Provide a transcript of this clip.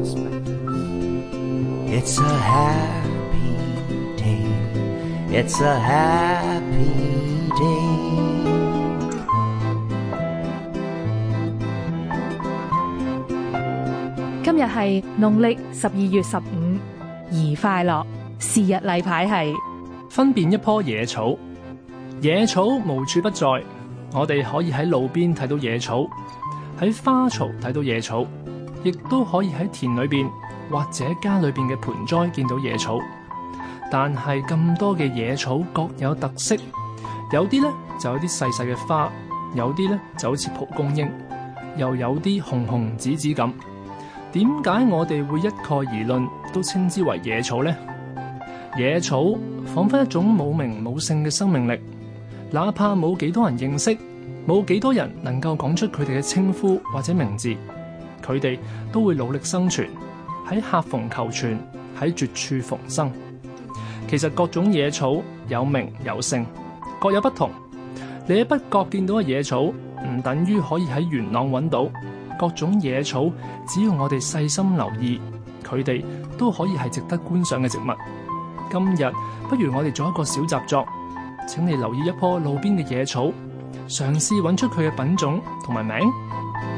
今日係農曆十二月十五，宜快樂。是日例牌係分辨一棵野草。野草無處不在，我哋可以喺路邊睇到野草，喺花草睇到野草。亦都可以喺田裏面或者家裏面嘅盆栽見到野草，但係咁多嘅野草各有特色，有啲呢就有啲細細嘅花，有啲呢就好似蒲公英，又有啲紅紅紫紫咁。點解我哋會一概而論都稱之為野草呢？野草仿佛一種冇名冇姓嘅生命力，哪怕冇幾多人認識，冇幾多人能夠講出佢哋嘅稱呼或者名字。佢哋都會努力生存，喺客逢求存，喺絕處逢生。其實各種野草有名有姓，各有不同。你喺北角見到嘅野草，唔等於可以喺元朗揾到各種野草。只要我哋細心留意，佢哋都可以係值得觀賞嘅植物。今日不如我哋做一個小習作，請你留意一樖路邊嘅野草，嘗試揾出佢嘅品種同埋名字。